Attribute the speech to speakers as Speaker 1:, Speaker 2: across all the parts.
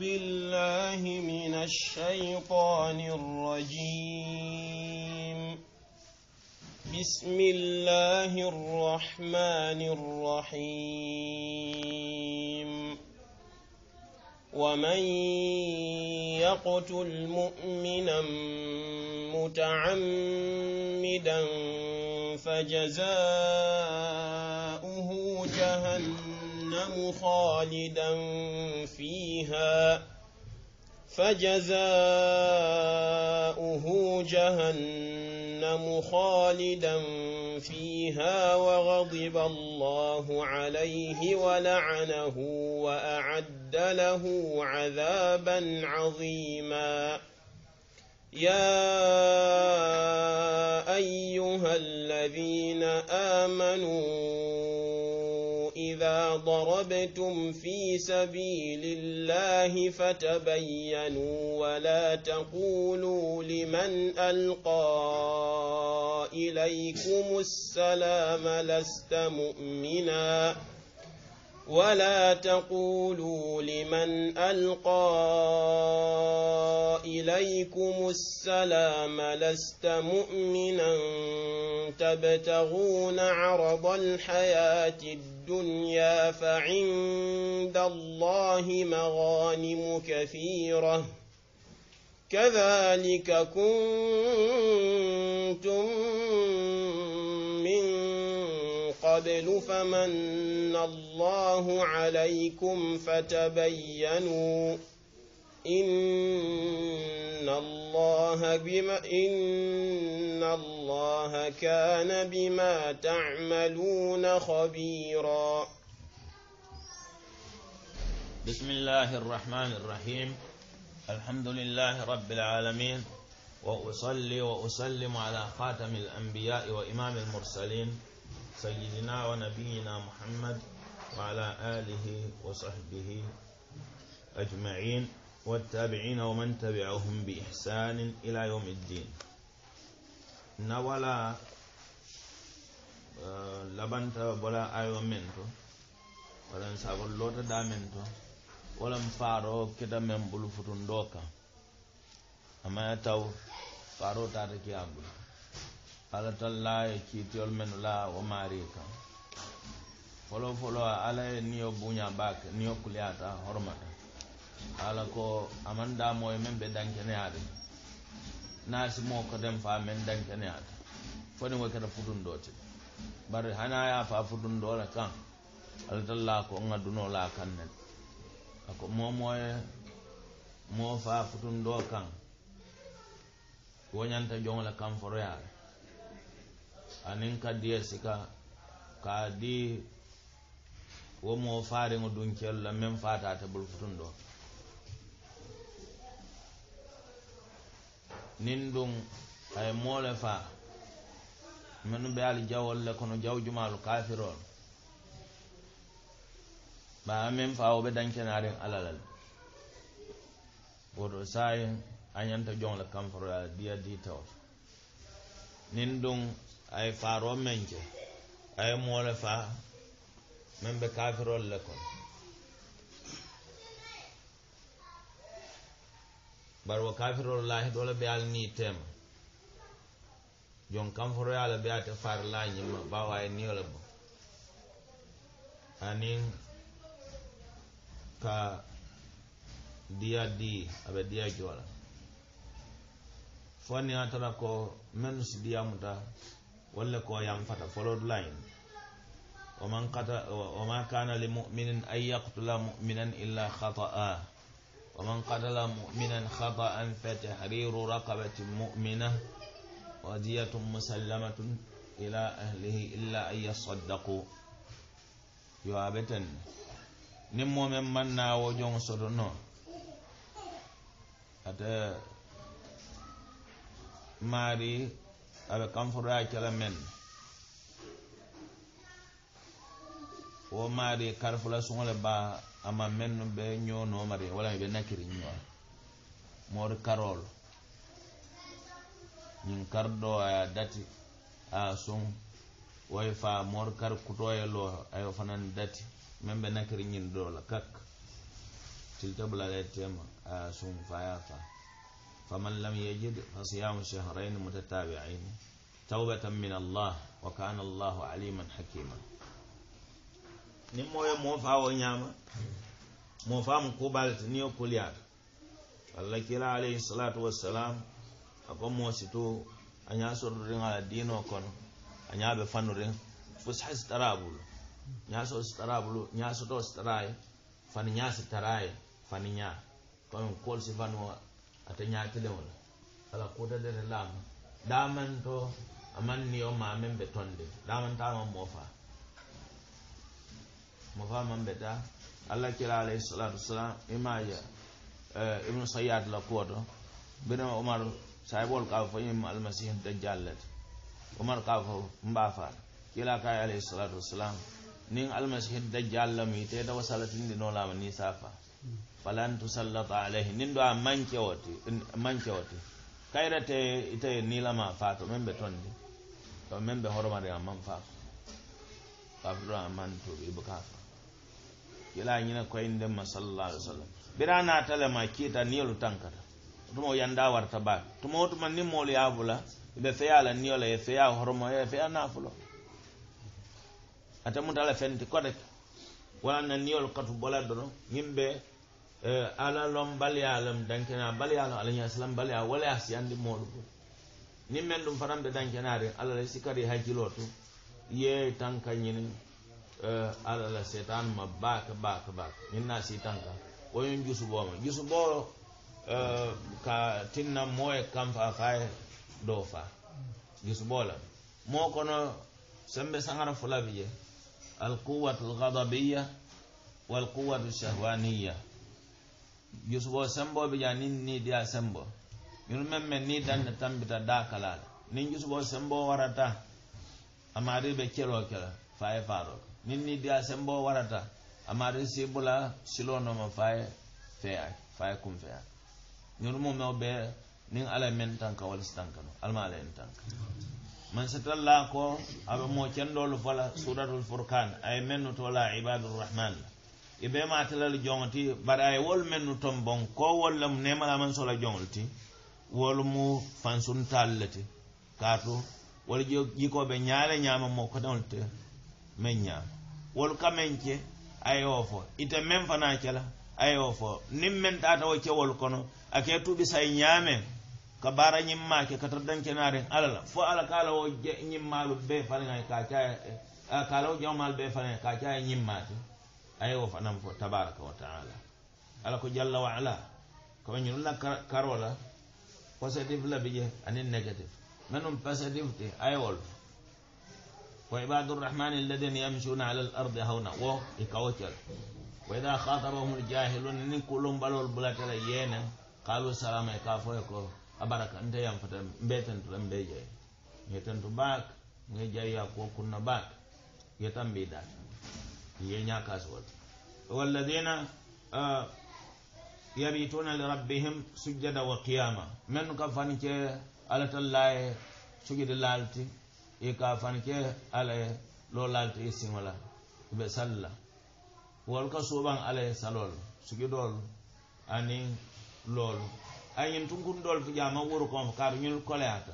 Speaker 1: بالله من الشيطان الرجيم بسم الله الرحمن الرحيم ومن يقتل مؤمنا متعمدا فجزاؤه النار خالدا فيها فجزاؤه جهنم خالدا فيها وغضب الله عليه ولعنه واعد له عذابا عظيما يا ايها الذين امنوا ضربتم في سبيل الله فتبينوا ولا تقولوا لمن ألقى إليكم السلام لست مؤمناً ولا تقولوا لمن ألقى إليكم السلام لست مؤمنا تبتغون عرض الحياة الدنيا فعند الله مغانم كثيرة كذلك كنتم قبل فمن الله عليكم فتبينوا إن الله بما إن الله كان بما تعملون خبيرا
Speaker 2: بسم الله الرحمن الرحيم الحمد لله رب العالمين وأصلي وأسلم على خاتم الأنبياء وإمام المرسلين سيدنا ونبينا محمد وعلى آله وصحبه أجمعين والتابعين ومن تبعهم بإحسان إلى يوم الدين نوالا آه، لبنت بلا آيو منتو ولن سابر لوت دا منتو ولم فارو كدا من بلو فتون أما يتو فارو تاركي أقول ala talla ye kiitiyol menu la wo maarii kan folo ala ye niyo buña baake niyo kuliyata hormata ala ko aman damoye men be dankeneyaade naasi moo koten faa men dankeneyaata foni wo keta futundo ti bari hana ya faa futundo le kan ala talla ko ŋa dunoo la kan ne ako moo mooye moo faa futundo kan wo ñanta joŋo le kan foroyaare anin ka diya sika ka di womoo faariŋo dunkeelu la meŋ faataata bulu futuŋ do niŋ duŋ a ye moo le faa menu be ali jawol le kono jaw jumaalu kafirol ba a meŋ faa wo be dankenaariŋ alla la le woto saayiŋ a ñanta joŋo le kanforo la diya diitawo niŋ duŋ ay faro men ke ay mole fa men be kafirol le kon bar wo kafirol lahi do la be al ni tem jon kam foro ala be ata far la ni ma ba way ni ola bo ani ka dia di abe dia jola fo ni atana ko men si dia muta ولا كو ينفت فلود لاين ومن قتل وما كان لمؤمن أن يقتل مؤمنا إلا خطأ ومن قتل مؤمنا خطأ فتحرير رقبة مؤمنة ودية مسلمة إلى أهله إلا أن يصدقوا يوابتن نمو من منا وجون سرنا أتى ماري aɓe kamforoya e cala men fo maari karfula suŋole ba ama mennu ɓe ñonomari wala ɓe nakiri ño moori karol ñin kardo aya dati a suŋ woy fa moori kar kutoyelo ayo fanan dati men ɓe nakiri ñin dola kak tiltabulalatema a suŋ fa ya fa فمن لم يجد فصيام شهرين متتابعين توبة من الله وكان الله عليما حكيما نمو موفا ونعم موفا مقبلت نيو كليات الله كلا عليه الصلاة والسلام أقوم موسيتو أن يأسر رنع الدين وكون أن يأبي فن رين فسح استرابل نياسو استرابل نياسو تو استراي فن نياس استرائي فن نيا كون كل سفن ata ñaatilewol ala kuudalere laamu damanto aman niyo mamen ɓe tonde damantama mofa mofa man ɓe ta allah kira alayhi salatu wasalam imaja eh, ibnu sayyad la kuwoto mbinam omar sahibol kaw fo im almasihu dajallete omar kaw fo mbafar kila kay alayhi salatu wasalam nin almasihu dajallamu yiteta wasalatinde no lama ni safa falan tusallata alayhi nin do a manke oti manke oti kayra te ite nilama faato men be tondi to men be horomare am man faa kafiro a man to ibu kafa yila nyina ko inde ma sallallahu alaihi wasallam bira na tala ma kita nilu tankata tumo yanda warta ba tumo tuma nim mo li abula be feyala niola e feya horomo e feya nafulo ata mun tala fenti kodet wala na niol katu bolado no yimbe Eh, ala lon baliyalam dankena baliyalam alayhi assalam baliya wala si andi modu ni men dum fadam be dankenare ala la sikari hajilo to ye tanka nyini eh ala la setan ma bak bak bak minna si tanka woyun jusu boma jusu bo eh ka tinna moye kam fa fa do fa jusu bola mo kono sembe sangara fulabiye al quwwatul ghadabiyya wal quwwatush shahwaniyya jusubo sembo be ja nin nidiya sembo minu men men ni dande tambita da kalala nin jusubo sembo warata amari be kelo kelo faye faro nin nidiya sembo warata amari sibula silo no ma faye feya faye kum feya minu mo me be nin ala men tanka wal stanka no alma ala en tanka man satalla ko aba mo cendolu fala suratul furqan ay men to la ibadur rahman la e ɓe matalal jongoti mbaɗa e wol men nu ton bon ko wolla mu nemalaman sola jongolti wol mu fansuntallati kato wol jikoɓe ñaale ñama mo kotewolte men ñama wol kamence ay o fo ita men fana cela ay o fo nin men tatawo cewol kono ake tuɓi say ñame ka bara ñimmake kata dancenaren alala fo ala kalawo ñimmalu ɓe fanaa kaca kalawo jawmal ɓe fanaa kaca e ñimmake ayo fanan fo tabaraka wa taala ala ko jalla wa ala ko ñun la karola positive la bije ani negative منهم positive اي wolf وعباد الرحمن الذين يمشون على الارض هونا و يكوتل واذا خاطبهم الجاهلون ان كلهم بلول بلاتل ينا قالوا سلام كافوكو أبارك أنت يا فتى بيتن تلمبيجي بيتن تباك نجايا كوكنا باك يتم بيدان yenya kasuwar walladina yari tuna rabbihim sujjada wa qiyama men ka fanke alata laye sugid lalti e ka fanke ala lo lalti isimala be salla wal ka suban ala salol sugidol ani lol ayin tungun dol fi jama wur ko ka ru ñul koleata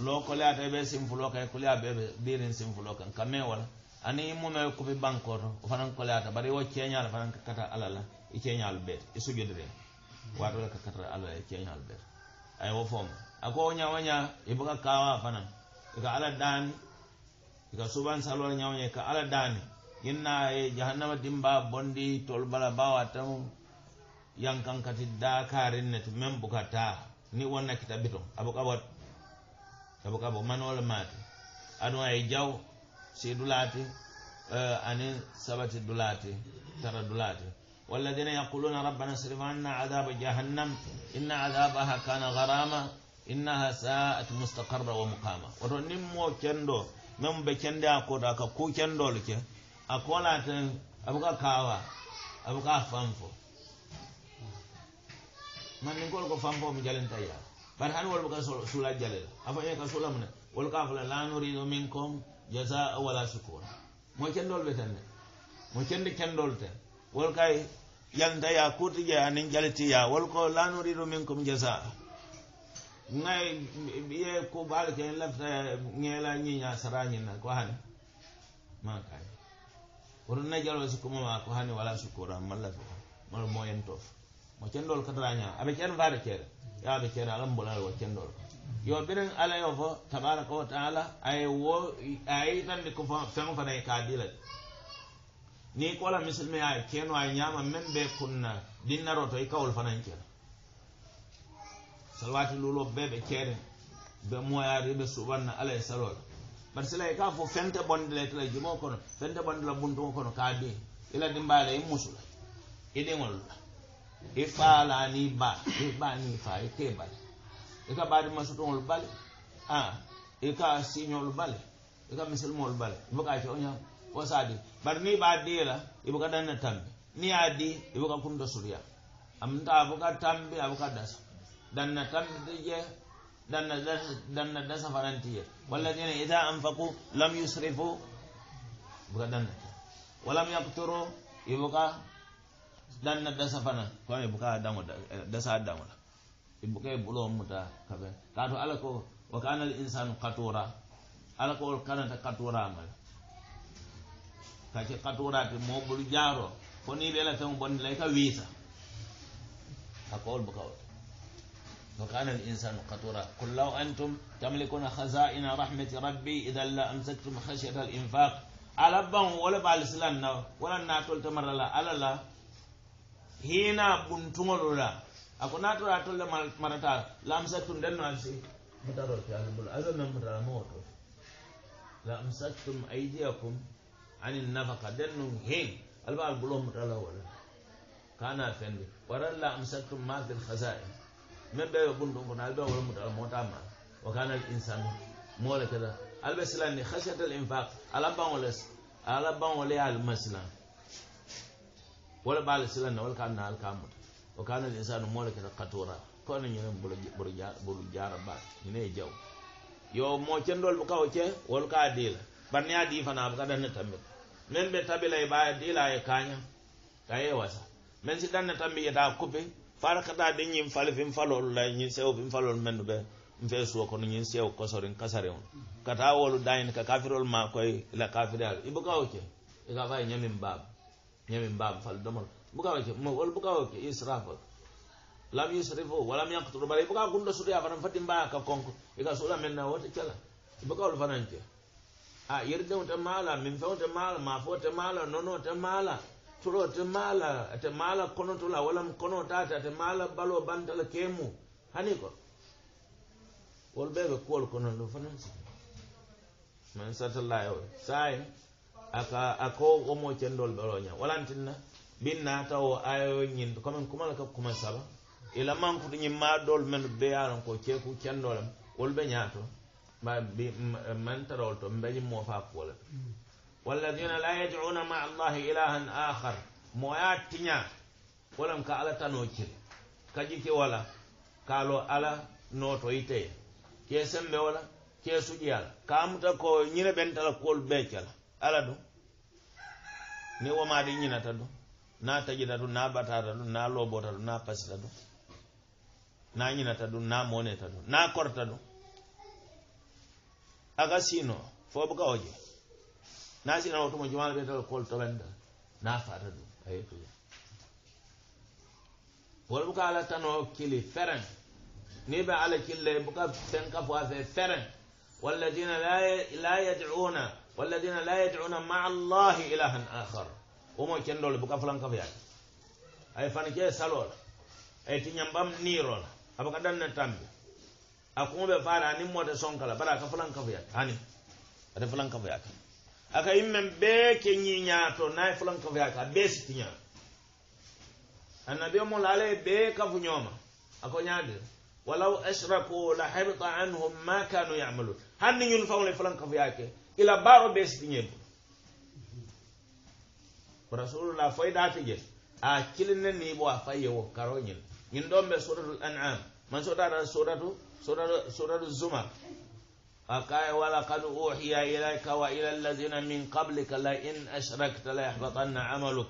Speaker 2: lo koleata be simfulo kay kuliya be be dirin simfulo kan kamé wala aniŋ mumeo kubi bankoo to o fanaŋ koleyaata bari iwo ceeñaal fanaŋ ka kata ala la i ceeñaalu beeta i sujudire waato le ka kata ala la i ceeñaalu beeta a ye wo fo ma a ko wo ñaŋ wo ñaa i buka kaawaa fanaŋ i ka ala daani i ka subansaloo la ñaŋ wo ñaa i ka ala daani ñiŋ naa ye jahannama dimbaa bondi tolu bala baa waatamu yankaŋ kati daakaariŋ ne ti meŋ buka taa ni wonna kita bitoŋ a buka bo a buka bo manoo le maati aduŋ a ye jawo sedulate uh, anin sabati dulate tara dulate walladina yaquluna rabbana srif anna adaba jahannam inna adabaha kana garama innaha saat mustakarra wa mukama woto nimmo kendo men be kende a koto aka ku kendolu ke a kolate abuka kawa abuka fanfo mandin kol ko fanfo mu jalinta ya bat hani wol buka sula jalel afo ye ka sula mune wol ka fula la nuridu minkum jasa wala sukura mo kendol be tan mo kende kendol tan wol kay yanta ya kurti ya nin jalti ya wol ko lanuri do min kum jasa ngay biye ko bal ke lafta ngela ni nya sara ni na ko han ma kay woro na jalo su kuma ma ko han wala sukura malla mo mo yentof mo kendol kadranya abe kendol fare kere yaɓe ceera alam mbolaari wa cendoro yo ɓiren ala yo fo tabaraka wa taala ay wo a yitande ko feŋ fana e kaa dila ni kola misilme a ceeno a ñaama meŋ ɓe kunna dinnaro to e kawol fanaŋ ceera salwati lulo ɓe ɓe ceere ɓe moyaari ɓe suɓanna ala e salola bar sila e kaa fo fente bonde le tala jumo kono fente bonde la buntuŋo kono kaa di ila dimbaale e musula idiŋol e la i e faalani ba i e baani fa i e ke bale i ka baadi masotoŋolu bale i ka siñoolu bale i ka misilimoolu bale i buka ke wo ñam wo sa di bari niŋ i be a dii la i buka danna tambi niŋ ye a di i buka kunto suriya amta a buka tambi a buka dasa danna tambi ti je danna dasa danna dasa faranti je walla tiene ida anfaku lam yusrifu i buka danna walam yaktoro i buka danna dasa fana ko ay buka adamu dasa adamu la e buka muta kabe ka to ala wa kana al insanu qatura alako ko kana ta qatura mal ka ce qatura te mo bulu jaro ko ni be la tan bon lay ka wisa ka ko buka wa kana al insanu qatura qul law antum tamlikuna khaza'ina rahmati rabbi idhan la amsaktum khashyata al infaq ala ban wala ba islam na wala na tol tamarala ala la hina buntuŋolu la a ko naa tora a tolu le marata lamsatum den no a si mutaroo ke alu bulu alu meŋ mutara mo woto lamsatum aidiakum ani nafaka den nu hin alu be alu bulo mutala wo la kana fendi wara lamsatum ma fil khasai meŋ be be buntuŋ kono alu be wolo mutala moota ma wa kana al insanu moo le keta alu be silandi khasiatal infaq ala baŋo les ala baŋo le ye alu masilan wala bala silanna wala kanna hal kamuta o kan al insanu moole keta katora kono ñinen buru jara ba ne jaw yo mo cendol ɓe kawo ce wol ka diila ban ya di fana ɓe kaɗanne tambita men be tabila e ɓa diila e kaña ka ye wasa men si ɗanne tambi da coupe faraka da de ñin fal fim falol la ñin sew fin falol men ɓe n fe suwa kono ñin sewo kosorin kasaren kata wolu dayin ka kafirol ma koy la kafiri al ibo kawo ce e ka fa e ñamin yemin baaba fal domol bugawoke mo wol bugawoke israfo lam usrifo walam yaktoro bara buga gunɗo sutoya fanan fati mbaya e ka konko eka suɗa men na wota cala e bugawol fananke a yerdewte maala min fewte maala mafo te maala nono te maala toro te maala te maala konotola walam konotata te maala balo bantala kemu hani ko wol ɓeɓe kuwol konoɗo fanan si man satallah o sa aka ako womo cendol ɓeloña walantinna min natawo ayoyo ñin commen kumala kab kuma saba ila mankude ñimma dol men beyanon ko ceku cendolem wol ɓe ñato mbabi man tarol to mbeñimmo fakuwole walladina la yaduna ma allahi ilahan ahar moya tiña wolam ka ala tano cir ka jiki wala kalo ala noto yiteye ke sembe wala ke suƴi ala kamuta ko ñire ɓentala kuwol ɓecala ala ɗum ni womaɗi ñinata ɗum na taƴita ɗum na batata ɗum na lobota ɗum na pasita ɗum na ñinata ɗum na moneta ɗum na korta ɗum aga sino fooɓo ka oje na sinano tuma jumala ɓe tal koltoɓenta na fata ɗum ayetu wol ɓuka ala tano kili feren ni ɓe ala killey buka ten kafo afe feren walladina la yadiuna walladina la yadcuna maa allahi ilahan ahar womo kendole buka fulankafayaati ay fanke salola ay tiñambam nirola abaka danne tambe a kuɓe fare ani mote sonkala bara aka fulankafayaati ani ate fulankafayaati aka yimmen ɓee ke ñiñato naye fulankafayaati a ɓee si tiña annabio mol alaye ɓee kafu ñooma ako ñaadir walaw asraku la hebta anhum ma kanu yamalun hanni ñun fawle fulankafayaake ila baro be siñebu rasulullah faydata je a ah, kilinna ni bo a faye wo karoñin ñin ɗon ɓe suratul an'am man sodata suratu suratu suratu zumar أكاي ولقد أوحي إليك وإلى الذين من قبلك لئن أشركت ليحبطن عملك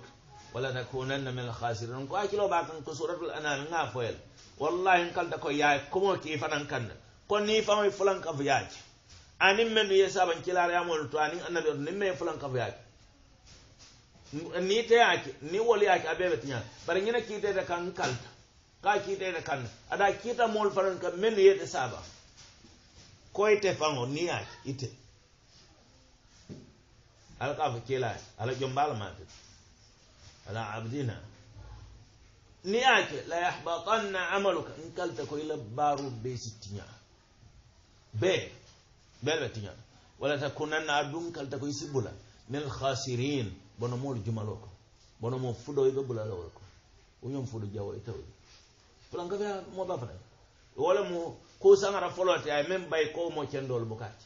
Speaker 2: ولتكونن من الخاسرين كاكلو باكن كسورة الأنام نافويل والله إن قلت كو ياي كمو كيفا نكن كوني فمي فلان كفياج anin men ye saban kilare yamolu to anin annabi to nimme fulan kafu yaa ni te yaake ni wolu yaake a beɓe tiñaa bari ñina kiiteete kan kalta kaa kiiteete kan ada kiita moolu fanan ka men yeete saaba koy te fango ni yaake ite ala kaa fo kiilaake ala jombaala maate ala abdina ni yaake la yahbatanna amaluka n kalta koy la baaru bee si tiñaa bee bele tiña walata kunanna adun kalta koy sibbula nel khasirin bono mool jumalo ko bono mo fudo ibe bulalowol ko wo ñom fudo jawo e tawdi plankafe mo ba fata wala mo ko sangara folote ay même bay ko mo cendol bu kacc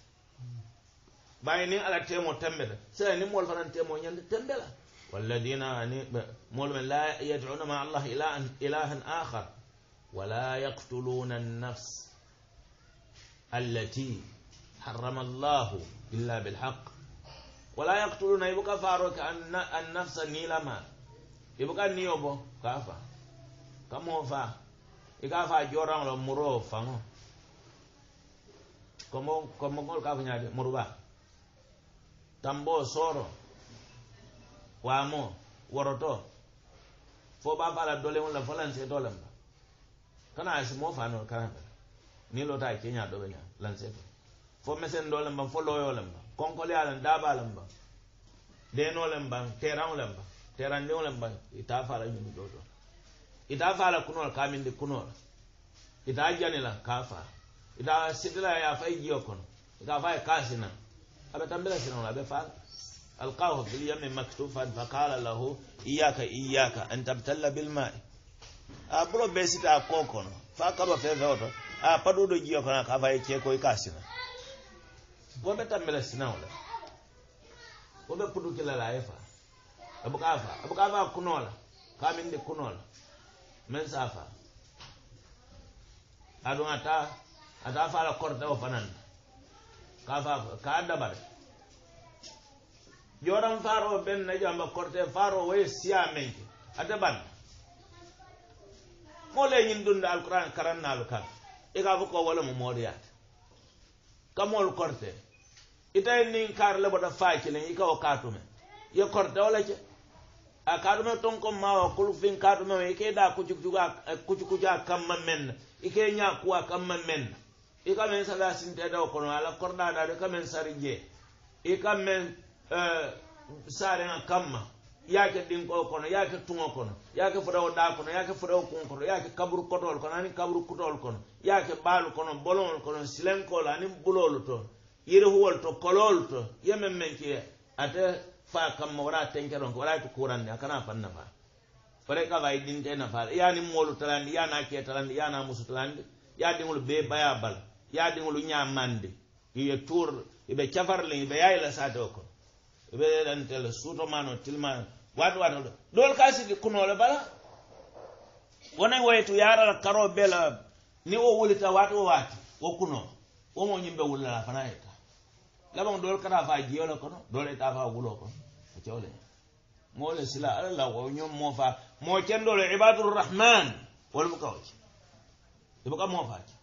Speaker 2: bayi ni ala temo tembela sai ni mool fanan temo ñande tembela walladina ni mool men la yad'una ma allah ilahan ilahan akhar wala yaqtuluna an-nafs allati harrama allahu illa bilhaq wala yaktuluna ibuka faro ke annafsa nilama ibuka niyo bo kafa kamo fa ika fa joranglo muro fango komo komo ko ka fanyade muruba tambo soro wamo woroto fo ba bala dole wala fala nse dole kana asimo fa no kana ni lota ke nya dole nya lanse to fo mesen do lemba fo loyo lemba konkole ala daba lemba deno lemba teran lemba teran ne lemba ita fala yumi do do ita fala kuno ka min de kuno ita jani la ka fa ita sidila ya fa yi yo kono ita fa ka sina aba tambela sina la be fa alqahu bil yami maktufan fa qala lahu iyyaka iyyaka an tabtalla bil ma'i a bulo be sita ko kono fa ka ba fe fe oto a padudo jiyo kono ka fa yi ke ko ka sina bobe tambela sinawola bobe putukilala ye fa abuka fa abuka fa kunola kaminde kunola men safa adun ata ata fala kortao fanan kafa ka dabare yoran faro ben na e jamba korte faro way siya men ata ban mole yindun da alquran karanna alkan e ga ko wala mo moriyata kamoolu korte ita ye niŋ kaari le bota faa kiliŋ i ka wo kaatume i ye korte wo le ke a kaatume tonko ma wa kulu fiŋ kaatume i ka i daa kucukucu a kamma meŋ na i ka i ñaa ku a kamma meŋ na i ka meŋ sadaa sinteedawo kono a la kordaa daato i ka meŋ sari jee i ka meŋ eh, saariŋ a kamma yaake ɗinko kono yaake tuŋo kono yaake fodawo ɗa kono yaake fodawo kuŋo kono yaake kaburu kotol kono aniŋ kaburu kutol kono yaake baalu kono bolowol kono silenkolu aniŋ bulolu to yirihuwolu to kololu to ye meŋ meŋ ke ate faa kamma wara tenke ɗon ko wara ti kurandi a kana faŋ nafa fore ka fa ye dinte nafaa ye aniŋ moolu talandi ye ana ke talandi ye ana musu talandi ye diŋolu bee baya bala ye diŋolu ñamandi ye tuur ye be cafarliŋ ye be yayi la saatewo kono reɗantel suutomano tilmano waɗu waɗoɗo ɗol ka sigi kunole bala wonay wayitu yarala karo bela ni o wulita waatu o waati wo kuno womo ñimɓe wullala fana yetta labon ɗol kata fa jiyole kono ɗol etta fa wulo kono o cewle moole sila alalla o ñom mo fa mo cendole ibadurrahman wol buka o ci i buka mo faaci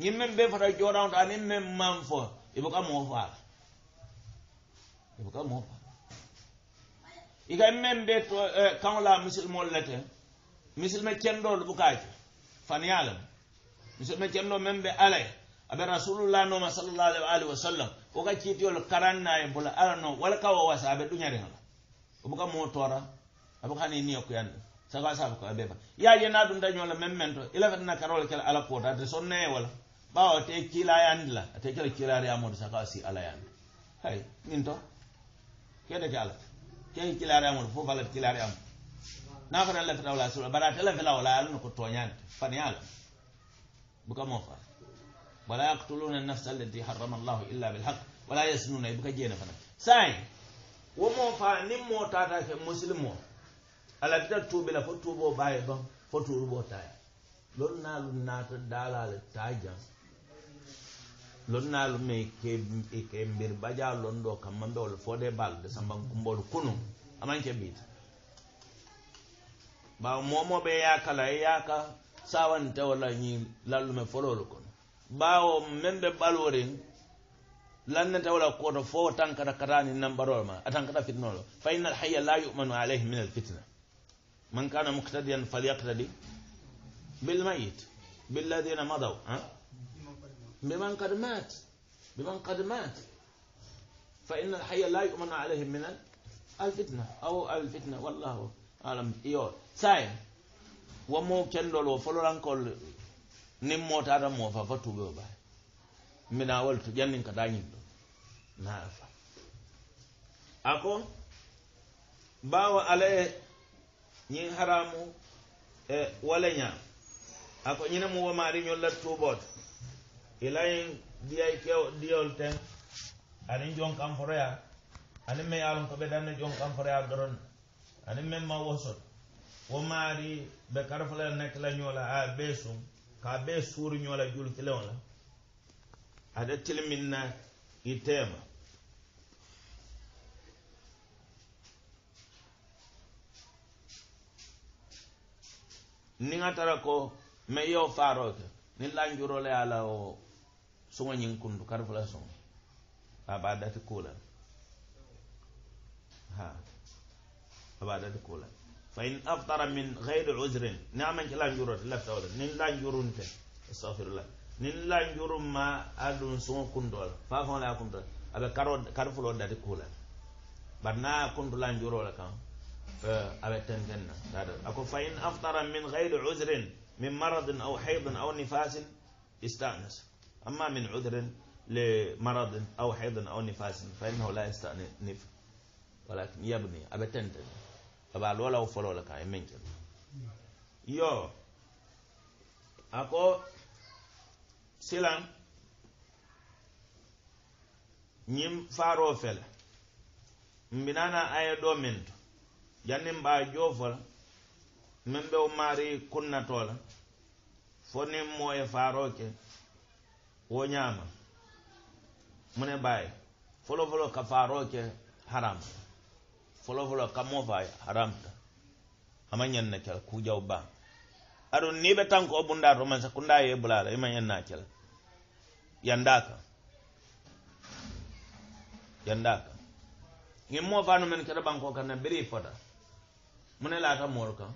Speaker 2: ñimmen ɓe fota joɗanta nin men man fo i buka mo faala ibuka mopa iga men be to kan la musulmol lete musulme kendol bukaje faniyalam musulme kendo men be alay abe rasulullah no ma sallallahu alaihi wa sallam o ga kiti ol karanna e bula alano wala kawa wasa abe dunyare ngala obuka motora abuka ni niyo kuyanda saka sabu ka beba ya je na dum dañola memmento ila fatna karol kel ala kota de sonne wala bawo te kila yandla te kila kila ya mod saka si ala yand hay min to kene ke alata ken kilariyamoto fof alata kilariyamo na fota lafetawola sula bara ate lafetawola ala no ko toñante faniya la buka mo fa wala yaktuluna nafsa allati harrama llahu illa bilhaq wala yasnuna buka jeena fana sai wo mo fa nin mo tata ke muslim o ala fita tuɓila fo tuuɓo baye ban fo tuuruɓo taya lolu naalu naata daalale taa jan lonnaalu mey ke e ke mbir badia londo kam mambe wala foode balu de samban kumbolu kunum amanke biita baw momoɓe yaaka la yaaka sawante walla ñi lallume folol kono bawo men ɓe ɓalorin lannete wala koto fo tankata katani nambarol ma a tankata fitnolo fa inna alhayya la yumanu alayhi min alfitna man kana muctadian falyaqtadi bilmayit billadina madaw hein? biman kad mat biman kad mat fa inna alhaya la yuman alayhi min alfitna aw alfitna wallahu alam iyo say womo kendol o folorankol nin motata mofa fa tuɓeo ɓa mina wol to ƴannin kata ñinɗo naafa ako bawa ala ñin haramu e waleña ako ñinemo womari ñollat tuɓoto ilayin diyay kew diyol ten anin jon kan foroya anin me yalon ko be danne jon kan foroya doron anin men ma wosot wo maari be karfala nek la ñola a besum ka be sur ñola jul kilewon la ada tilminna i tema ni nga tara ko me yo faro ke ni lanjuro le ala o suma ñing kundu kari fula suŋo a ba a dati kuu la ha a ba a dati kula fa in aftara min ghayri uzrin ni a ci la lanjuro la lafita ni la niŋ lanjurun te astahfirullah niŋ lanjurun ma a duŋ suŋo fa la faa faŋo la a kunto la a be karo kari fuloo dati kuu la bari la a kuntu lanjuroo le kaŋ a be tenten na a ko fa in aftara min ghayri uzrin min maradin aw haydin aw nifasin استأنس amma min udrin li maradin aw haydin aw nifasin fa innahu la yastanif walakin yabni aɓe tentene aba lola wo folola ka e menke yo ako silan ñim faro fele mbinana aya do minto jannin ɓa jofola min ɓe wo mari kunnatola fo nin mo e faro ke wo ñaama mu ne bàyyi folofolo ka faaroo ke haram folofolo ka moo faa haram ta ama ñen na cal kuu jaw baa adun ni be tanko o bunda to man sa kunda ye bulala ima ñen na cal yanda ka yanda ka ngi moo faa no men kata banko kan na biri fota mu ne laata moor ka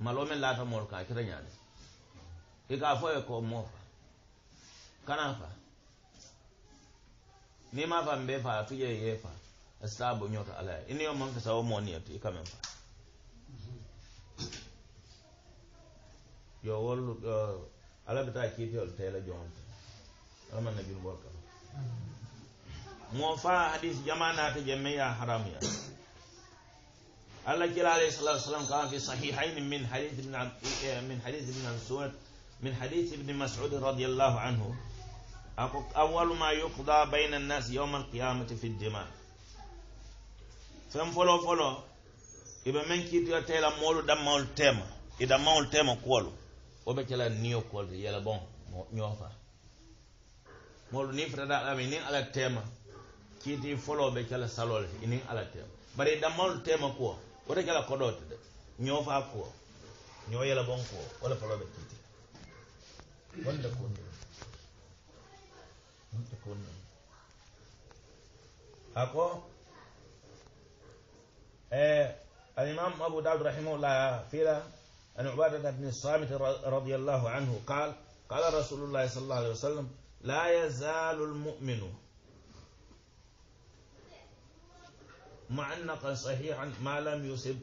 Speaker 2: malo men laata moor ka kata ñaade ika foye ko mofa kanafa ni ma fam be fa tuje ye fa asta bo nyoto ala ini yo mon kasa mo ni ati ka men fa yo wol ala bita ki te ol tele jont ala man na jul bor ka mo fa hadis jamana ta jemme ya haram ya ala kila alayhi salatu wassalam ka fi sahihayn min hadith ibn eh, min hadith ibn mansur min hadis ibni masudi radiallahu anhu ako awaluma yukda baina annas yauma alqiyamati fi ljima fen folo folo iɓe men kiitiyo tela moolu ɗammawol tema i ɗammawol tema kuwolu o ɓe cala niyo kuwol yala bon mo ñoofa moolu ni fetata ɗama inin ala tema kiiti folo ɓe cala salol inin ala tema bari i ɗammawol tema kuwo wote cala koɗote de ñoofa kuwo ñoo yala bon kuwo wala folo ɓe kiiti ولا كون انت كون أكو آه الإمام أبو داود رحمه الله في أن عبادة بن الصامت رضي الله عنه قال قال رسول الله صلى الله عليه وسلم لا يزال المؤمن معنقا صحيحا ما لم يصب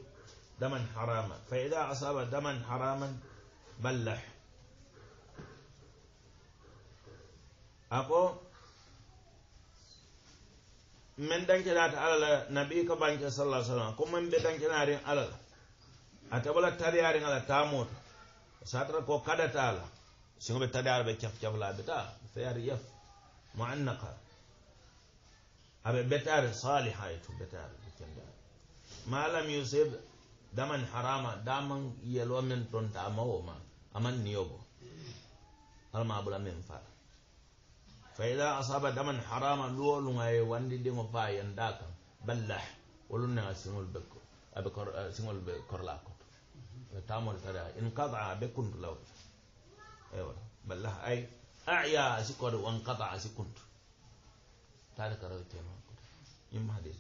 Speaker 2: دما حراما فإذا أصاب دما حراما بلح ako men dankeɗata ala la nabi ka banke sallallahu alaihi wasallam ko men ɓe dankenarin ala la a taɓala tariyarin ala tamoto satara ko kada ala singo be tadar be chaf chaf la beta feyar yaf muannaqa abe betare saliha e to ɓetare ɓe kendare ma lam yusib daman harama daman yelo men tonta amawo ma aman niyobo alma ɓula men fara faida asaba daman harama luwolugaye wandi ɗigo fa yanda kam ballah wolu nega siŋol be aɓe siŋol be korla koto ɓe tamol tara in kata aɓe kuntu law eywa ballah ay aya asikode wan kata asi kuntu tade karawi temakoto yimma hadis